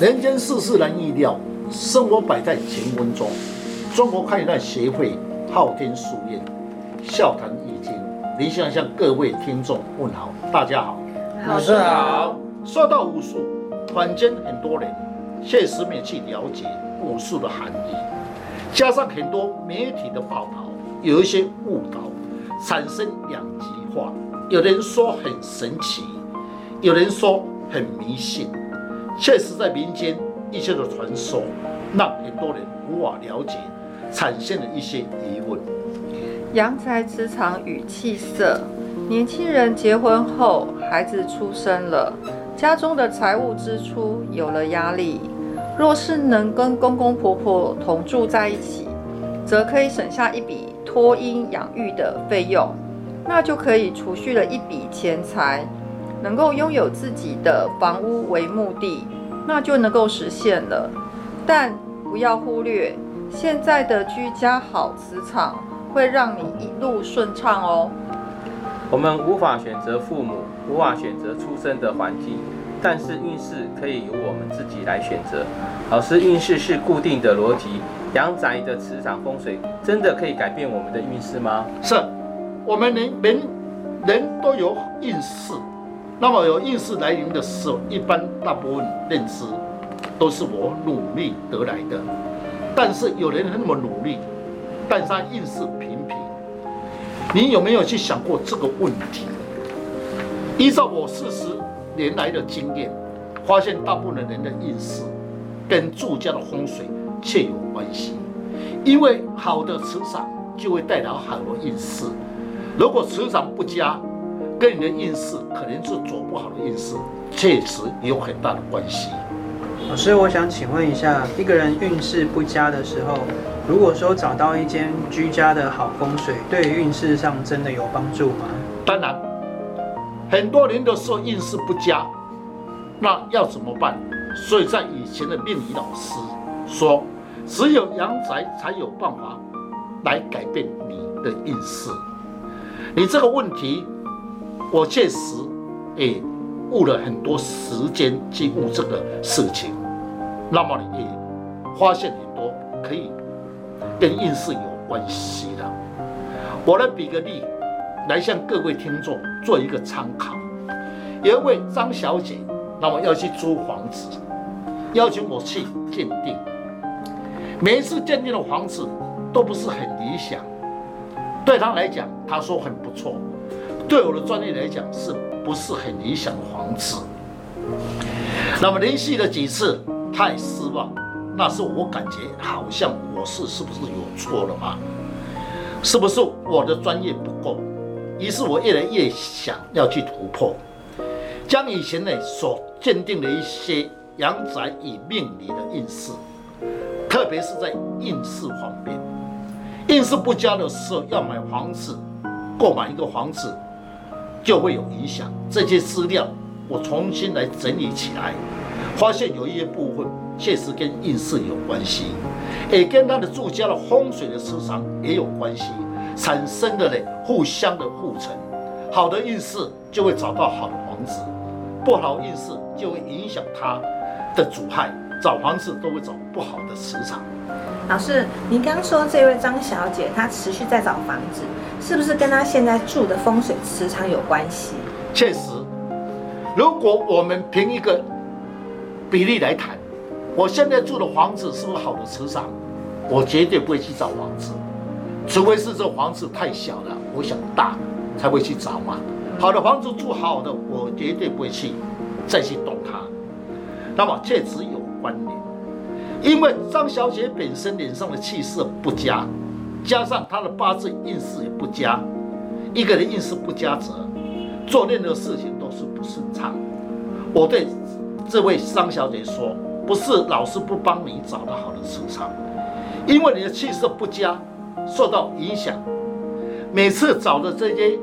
人間世事難預料，生活擺在乾坤中。中國太極拳協會昊天書院笑談易經，你想向各位聽眾問好，大家好，老師好。說到武術，坊間很多人現實面去了解武術的含義，加上很多媒體的報道，有一些誤導，產生兩極化。有人說很神奇，有人說很迷信。確實，在民間一些的傳說，讓很多人無法了解，產生了一些疑問。陽宅磁場與氣色，年輕人結婚後，孩子出生了，家中的財務支出有了壓力。若是能跟公公婆婆同住在一起，則可以省下一筆托嬰養育的費用，那就可以儲蓄了一筆錢財。能夠擁有自己的房屋為目的，那就能夠實現了。但不要忽略，現在的居家好磁場會讓你一路順暢哦。我們無法選擇父母，無法選擇出生的環境，但是運勢可以由我們自己來選擇。老師，運勢是固定的邏輯，陽宅的磁場風水真的可以改變我們的運勢嗎？是我們人人人都有運勢。那麼有運勢來臨的時候，一般大部分認知都是我努力得來的。但是有人那麼努力，但是他運勢平平，你有沒有去想過這個問題？依照我四十年來的經驗，發現大部分人的運勢跟住家的風水確有關係。因為好的磁場就會帶來好的運勢，如果磁場不佳，跟你的運勢可能是走不好的運勢，確實有很大的關係。所以我想請問一下，一個人運勢不佳的時候，如果說找到一間居家的好風水，對於運勢上真的有幫助嗎？當然，很多人都說運勢不佳，那要怎麼辦？所以在以前的命理老師說，只有陽宅才有辦法來改變你的運勢。你這個問題。我確實，也誤了很多時間進入這個事情，那麼你也發現很多可以跟運勢有關係的。我來比個例，來向各位聽眾做一個參考。有一位張小姐，那麼要去租房子，要求我去鑑定。每一次鑑定的房子都不是很理想，對她來講，她說很不錯。對我的專業來講，是不是很理想的房子？那麼聯繫了幾次，太失望。那時我感覺好像我是是不是有錯了嗎？是不是我的專業不夠？於是我越來越想要去突破，將以前呢所鑑定的一些陽宅與命理的運勢，特別是在運勢方面，運勢不佳的時候要買房子，購買一個房子。就會有影響。這些資料我重新來整理起來，發現有一些部分確實跟運勢有關係，也跟他的住家的風水的磁場也有關係。產生的呢，互相的互成，好的運勢就會找到好的房子，不好運勢就會影響他的主害，找房子都會找不好的磁場。老師，您剛剛說這位張小姐她持續在找房子，是不是跟她現在住的風水磁場有關係？確實，如果我們憑一個比例來談，我現在住的房子是不是好的磁場，我絕對不會去找房子，除非是這房子太小了，我想大才會去找嘛。好的房子住好好的，我絕對不會去再去動它。那麼確實有關聯。因為張小姐本身臉上的氣色不佳，加上她的八字運勢也不佳，一個人運勢不佳者，做任何事情都是不順暢。我對這位張小姐說，不是老師不幫你找到好的磁場，因為你的氣色不佳受到影響，每次找的這些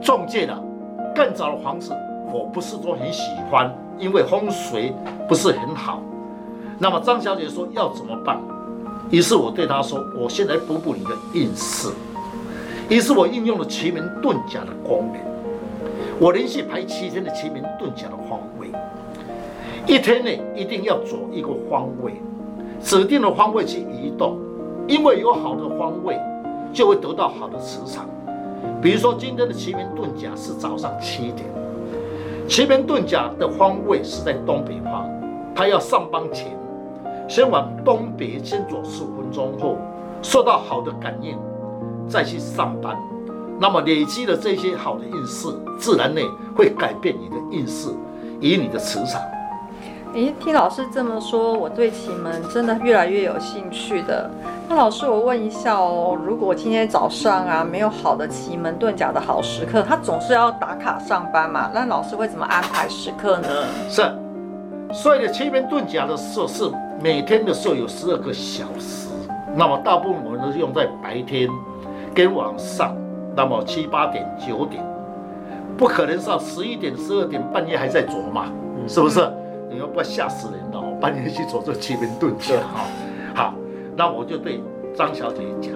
中介的、更早的房子，我不是說很喜歡，因為風水不是很好。那麼張小姐說要怎麼辦？於是我對她說：“我先來補補你的運勢。”於是我運用了奇門遁甲的方位，我連續排七天的奇門遁甲的方位，一天內一定要走一個方位，指定的方位去移動，因為有好的方位，就會得到好的磁場。比如說今天的奇門遁甲是早上七點，奇門遁甲的方位是在東北方，他要上班前。先往東北先走十五分鐘後，受到好的感應，再去上班。那麼累積了這些好的運勢，自然呢會改變你的運勢，以你的磁場、欸。誒，聽老師這麼說，我對奇門真的越來越有興趣的。那老師，我問一下哦，如果今天早上啊沒有好的奇門遁甲的好時刻，他總是要打卡上班嘛，那老師會怎麼安排時刻呢？是，所以的奇門遁甲的設施。每天的時候有十二個小時，那麼大部分我們都是用在白天跟晚上，那麼七八點九點，不可能上十一點十二點半夜還在琢磨，是不是？你要不要嚇死人了？半夜去琢磨奇門遁甲好 好，那我就對張小姐講，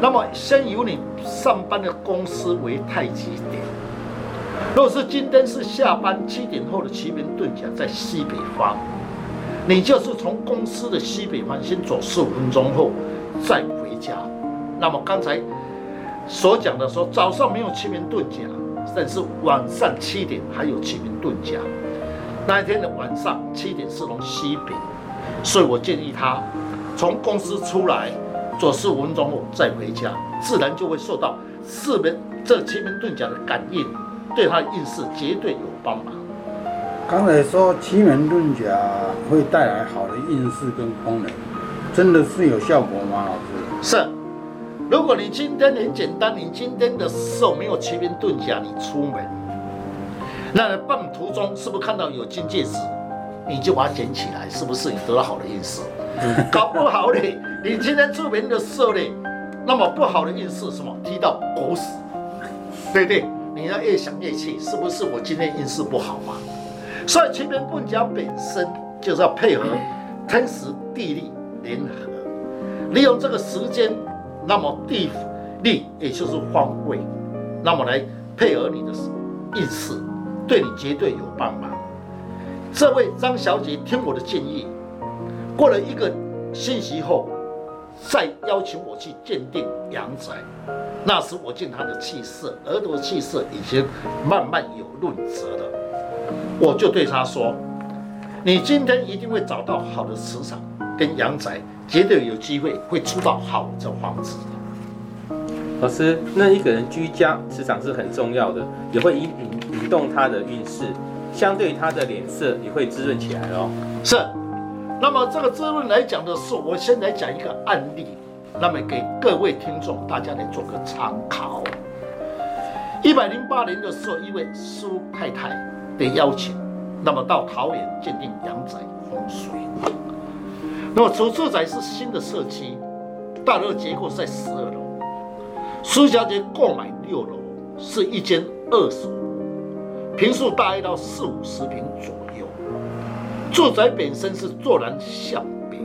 那麼先由你上班的公司為太極點，若是今天是下班七點後的奇門遁甲在西北方。你就是從公司的西北方向先走四五分鐘後，再回家。那麼剛才所講的說，早上沒有奇門遁甲，但是晚上七點還有奇門遁甲。那一天的晚上七點是從西北，所以我建議他從公司出來走四五分鐘後再回家，自然就會受到四門這奇門遁甲的感應，對他的運勢絕對有幫忙。剛才說奇門遁甲會帶來好的運勢跟功能，真的是有效果嗎？老師，是。如果你今天很簡單，你今天的時候沒有奇門遁甲，你出門，那半途中是不是看到有金戒指，你就把它撿起來，是不是你得了好的運勢？ 搞不好你你今天出門的時候呢，那麼不好的運勢什麼踢到狗屎，對對？你要越想越氣，是不是我今天運勢不好嘛、啊？所以，奇門遁甲本身就是要配合天時、地利人和，利用這個時間，那麼地利也就是方位，那麼來配合你的意思，對你絕對有幫忙。這位張小姐聽我的建議，過了一個星期後，再邀請我去鑑定陽宅。那時我見她的氣色，額頭的氣色已經慢慢有潤澤了。我就對他說：“你今天一定會找到好的磁場跟陽宅，絕對有機會會出到好的房子。”老師，那一個人居家磁場是很重要的，也會引引引動他的運勢，相對他的臉色也會滋潤起來哦。是。那麼這個滋潤來講的時候，我先來講一個案例，那麼給各位聽眾大家來做個參考。一百零八年的時候，一位蘇太太。的邀請，那麼到桃園鑑定陽宅風水。那麼，首住宅是新的社區，大樓結構在十二樓，蘇小姐購買六樓，是一間二手，坪數大概到四五十坪左右。住宅本身是坐南向北，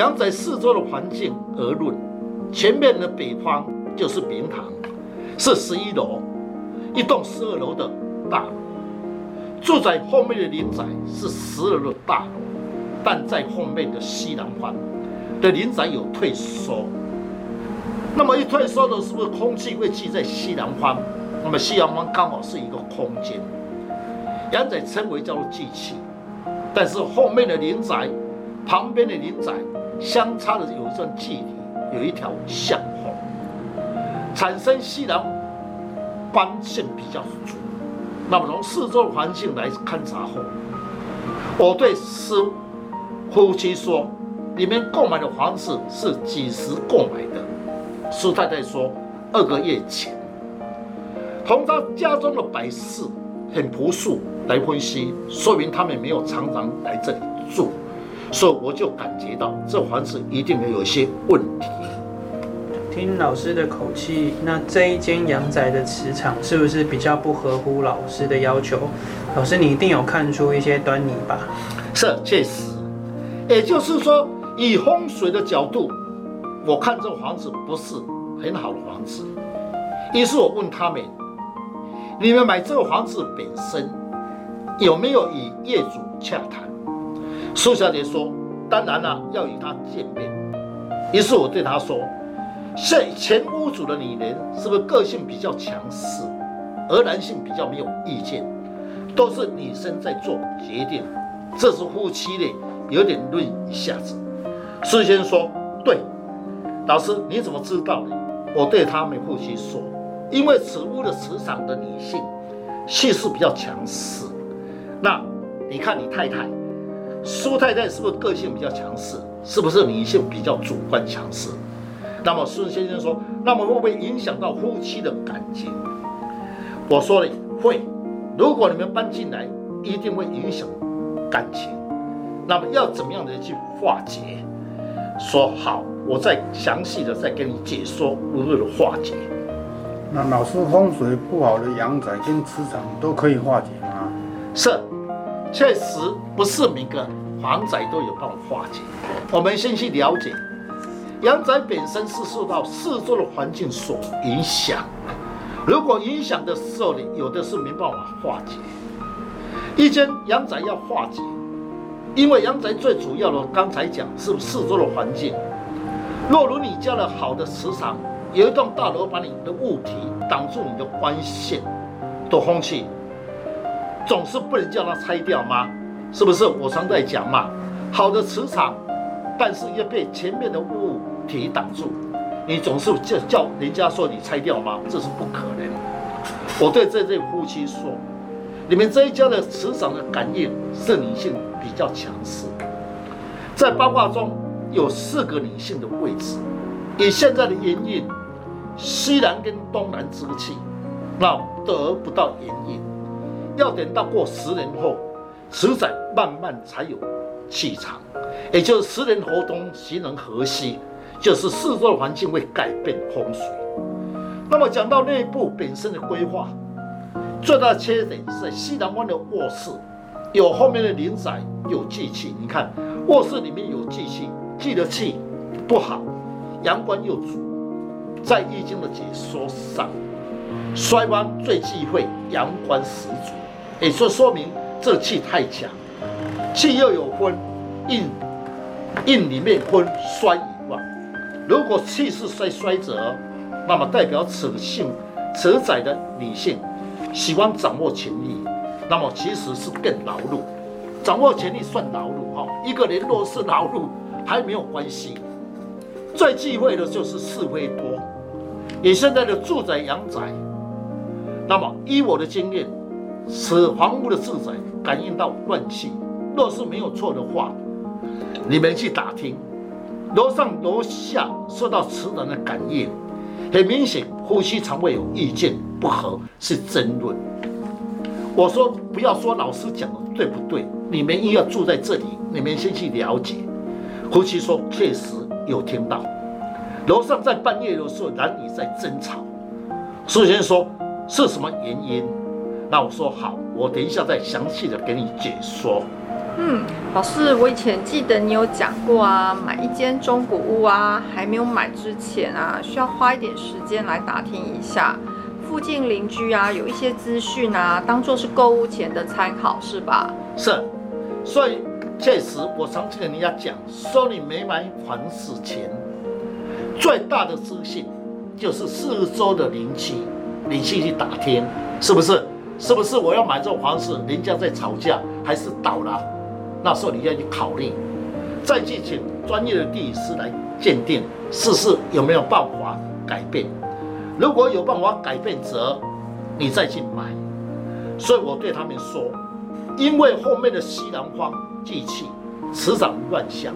陽宅四周的環境而論，前面的北方就是明堂，是十一樓，一棟十二樓的大樓。住宅後面的林宅是十二樓大樓，但在後面的西南方的林宅有退縮。那麼一退縮的是不是空氣會聚在西南方？那麼西南方剛好是一個空間，陽宅稱為叫做聚氣，但是後面的林宅旁邊的林宅相差的有一段距離，有一條巷道，產生西南光線比較足。那麼從四周環境來勘察後，我對師夫妻說：“你們購買的房子是幾時購買的？”師太太說：“二個月前。”從他家中的擺設很樸素來分析，說明他們沒有常常來這裡住，所以我就感覺到這房子一定有一些問題。聽老師的口氣，那這一間陽宅的磁場是不是比較不合乎老師的要求？老師，你一定有看出一些端倪吧？是，確實。也就是說，以風水的角度，我看這個房子不是很好的房子。於是我問他們：你們買這個房子本身有沒有與業主洽談？蘇小姐說：當然啦、啊，要與他見面。於是我對他說。所以前屋主的女人是不是個性比較強勢，而男性比較沒有意見，都是女生在做決定，這是夫妻的有點論一下子。孫先生說對，老師你怎麼知道的？我對他們夫妻說，因為此屋的磁場的女性氣勢比較強勢，那你看你太太，蘇太太是不是個性比較強勢？是不是女性比較主觀強勢？那麼孫先生說：“那麼會不會影響到夫妻的感情？”我說了會。如果你們搬進來，一定會影響感情。那麼要怎麼樣的去化解？說好，我再詳細的再跟你解說如何的化解。那老師風水不好的陽宅跟磁場都可以化解嗎？是，確實不是每個房宅都有辦法化解。我們先去了解。陽宅本身是受到四周的環境所影響，如果影響的時候，你有的是沒辦法化解。一間陽宅要化解，因為陽宅最主要的剛才講是四周的環境。若如你家的好的磁場，有一棟大樓把你的物體擋住你的光線、堵空氣，總是不能叫它拆掉嗎？是不是？我常在講嘛，好的磁場，但是要被前面的物。鐵擋住，你總是叫叫人家說你拆掉嗎？這是不可能的。我對這對夫妻說：“你們這一家的磁場的感應是女性比較強勢。在八卦中有四個女性的位置，以現在的元運西南跟東南之氣，那得不到元運要等到過十年後，十載慢慢才有氣場，也就是十年河東，十年河西。”就是四周的環境會改變風水。那麼講到內部本身的規劃，最大的缺點是在西南方的臥室有後面的林仔有祭器。你看臥室裡面有祭器，記的氣不好，陽光又足。在易經的解說上，衰旺最忌諱陽光十足，哎，這說明這氣太強，氣又有坤，硬硬裡面坤衰。如果氣勢衰衰折，那麼代表此性此宅的女性喜歡掌握權力，那麼其實是更勞碌。掌握權力算勞碌哈，一個人若是勞碌還沒有關係，最忌諱的就是是非多。以現在的住宅陽宅，那麼依我的經驗，此房屋的住宅感應到亂氣，若是沒有錯的話，你們去打聽。樓上樓下受到此人的感應，很明顯，夫妻常會有意見不合，是爭論。我說，不要說老師講的對不對，你們硬要住在這裡，你們先去了解。夫妻說，確實有聽到，樓上在半夜的時候男女在爭吵。蘇先生說，是什麼原因？那我說好，我等一下再詳細的給你解說。嗯，老師，我以前記得你有講過啊，買一間中古屋啊，還沒有買之前啊，需要花一點時間來打聽一下附近鄰居啊，有一些資訊啊，當做是購物前的參考，是吧？是，所以確實，我常去跟人家講，說你沒買房子前，最大的資訊就是四周的鄰居，你去去打聽，是不是？是不是我要買這種房子，人家在吵架還是倒了？那時候你要去考慮，再去請專業的地師來鑑定，試試有沒有辦法改變。如果有辦法改變則，則你再去買。所以我對他們說，因為後面的西南方地氣磁場亂象，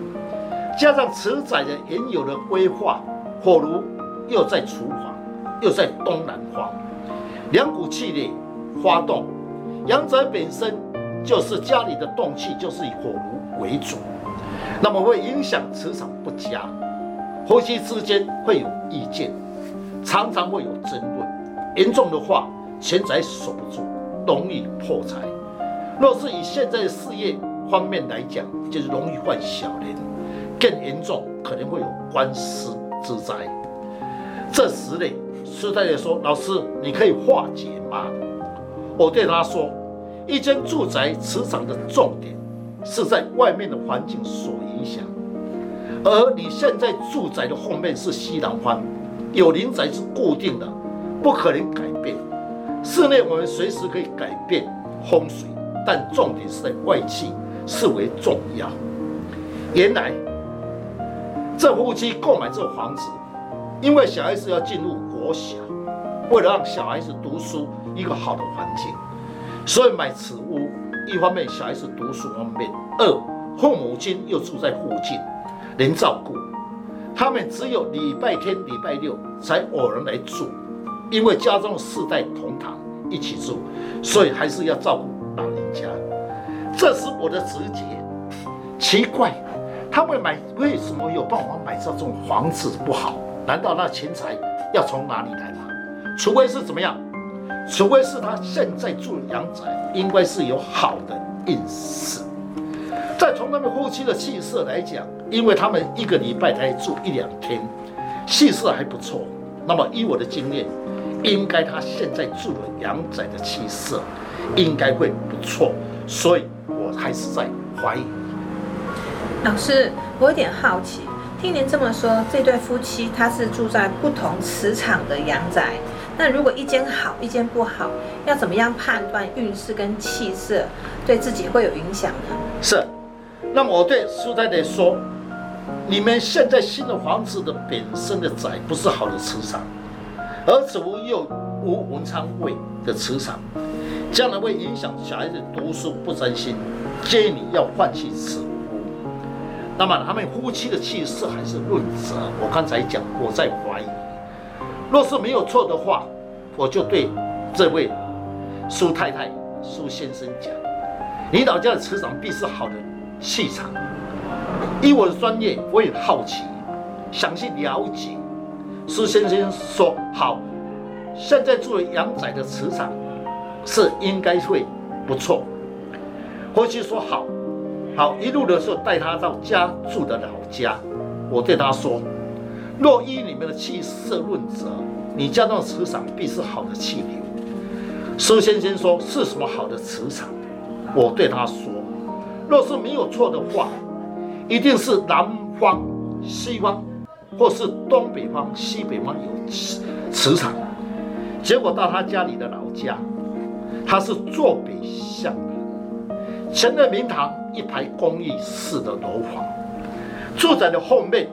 加上此宅的原有的規劃，火爐又在廚房，又在東南方，兩股氣力發動，陽宅本身。就是家裡的動氣就是以火爐為主，那麼會影響磁場不佳，夫妻之間會有意見，常常會有爭論，嚴重的話錢財守不住，容易破財。若是以現在的事業方面來講，就是容易犯小人，更嚴重可能會有官司之災。這時呢，師太也說：“老師，你可以化解嗎？”我對他說。一間住宅磁場的重點是在外面的環境所影響，而你現在住宅的後面是西南方，有鄰宅是固定的，不可能改變。室內我們隨時可以改變風水，但重點是在外氣視為重要。原來這夫妻購買這房子，因為小孩子要進入國小，為了讓小孩子讀書一個好的環境。所以買此屋，一方面小孩子讀書方便，二父母親又住在附近，能照顧。他們只有禮拜天、禮拜六才偶然來住，因為家中四代同堂一起住，所以還是要照顧老人家。這是我的直覺。奇怪，他們買為什麼有辦法買這種房子不好？難道那錢財要從哪裡來嗎、啊？除非是怎麼樣？除非是他現在住的陽宅，應該是有好的意思。再從他們夫妻的氣色來講，因為他們一個禮拜才住一兩天，氣色還不錯。那麼以我的經驗，應該他現在住的陽宅的氣色，應該會不錯。所以，我還是在懷疑。老師，我有點好奇，聽您這麼說，這對夫妻他是住在不同磁場的陽宅。那如果一間好，一間不好，要怎麼樣判斷運勢跟氣色對自己會有影響呢？是。那麼我對蘇太太說，你們現在新的房子的本身的宅不是好的磁場，兒子屋又無文昌位的磁場，將來會影響小孩子讀書不專心。建議你要換去此屋。那麼他們夫妻的氣色還是論色，我剛才講我在懷疑。若是沒有錯的話，我就對這位蘇太太、蘇先生講：“你老家的磁場必是好的氣場。”以我的專業，我也好奇，想去了解。蘇先生說：“好，現在住陽宅的磁場是應該會不錯。”回去說好：“好，好一路的時候帶他到家住的老家。”我對他說。若依裡面的氣色論者，你家的磁場必是好的氣流。蘇先生說是什麼好的磁場？我對他說，若是沒有錯的話，一定是南方、西方，或是東北方、西北方有磁磁場。結果到他家裡的老家，他是坐北向南，前面明堂一排公寓式的樓房，住宅的後面。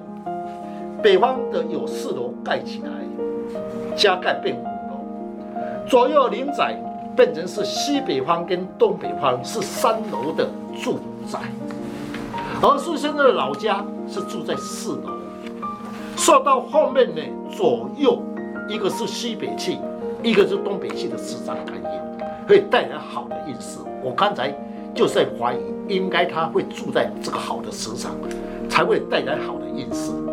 北方的有四樓蓋起來，加蓋變五樓，左右鄰宅變成是西北方跟東北方是三樓的住宅，而蘇先生的老家是住在四樓。說到後面呢，左右一個是西北氣，一個是東北氣的磁場感應，會帶來好的運勢。我剛才就在懷疑，應該他會住在這個好的磁場，才會帶來好的運勢。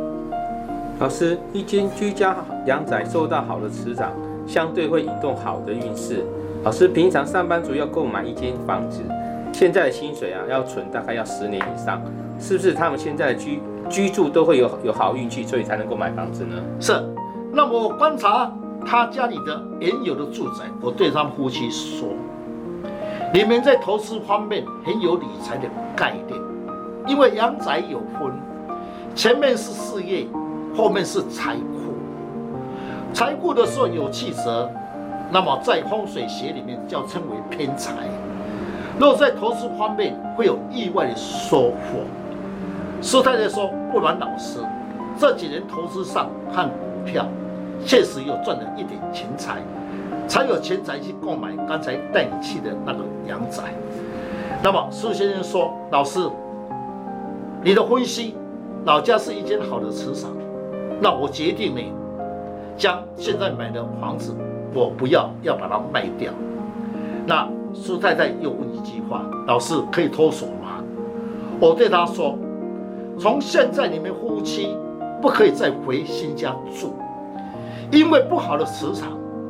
老師，一間居家陽宅受到好的磁場，相對會引動好的運勢。老師，平常上班族要購買一間房子，現在的薪水啊，要存大概要十年以上，是不是他們現在的居居住都會有有好運氣，所以才能夠買房子呢？是。那我觀察他家裡的原有的住宅，我對他們夫妻說：“你們在投資方面很有理財的概念，因為陽宅有婚，前面是事業。”後面是財庫，財庫的時候有氣色，那麼在風水學裡面叫稱為偏財。若在投資方面會有意外的收穫。蘇太太說：“不瞞老師，這幾年投資上看股票，確實有賺了一點錢財，才有錢財去購買剛才帶你去的那個陽宅。”那麼蘇先生說：“老師，你的分析，老家是一間好的磁場。”那我決定呢，將現在買的房子我不要，要把它賣掉。那蘇太太又問一句話：“老師可以脫手嗎？”我對她說：“從現在你們夫妻不可以再回新家住，因為不好的磁場，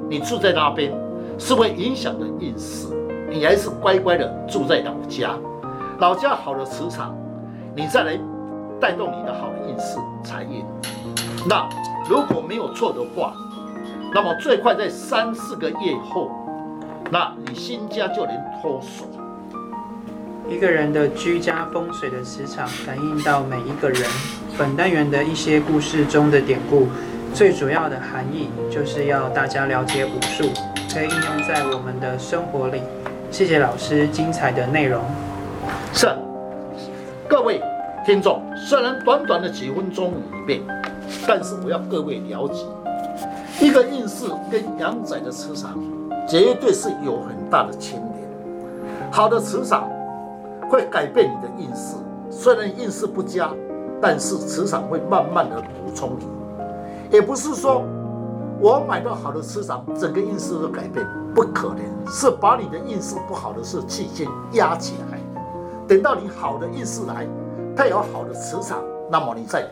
你住在那邊是會影響的運勢。你還是乖乖的住在老家，老家好的磁場，你再來帶動你的好運勢財運。”那如果沒有錯的話，那麼最快在三四個月後，那你新家就能脫手。一個人的居家風水的磁場，感應到每一個人。本單元的一些故事中的典故，最主要的含義就是要大家了解五術，可以應用在我們的生活裡。謝謝老師精彩的內容。是，各位聽眾，雖然短短的幾分鐘一遍。但是我要各位了解，一個運勢跟陽宅的磁場絕對是有很大的牽連。好的磁場會改變你的運勢，雖然運勢不佳，但是磁場會慢慢的補充你。也不是說我買到好的磁場，整個運勢都改變，不可能，是把你的運勢不好的事氣性壓起來，等到你好的運勢來，配合好的磁場，那麼你再。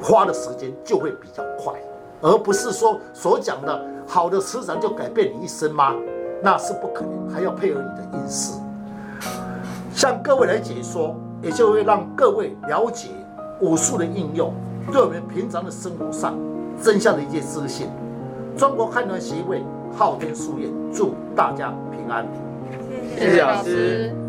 花的時間就會比較快，而不是說所講的好的磁場就改變你一生嗎？那是不可能，還要配合你的氣色。向各位來解說，也就會讓各位了解武術的應用，對我們平常的生活上真相的一些資訊。中國漢拳協會昊天書院祝大家平安，謝謝，謝、謝老師。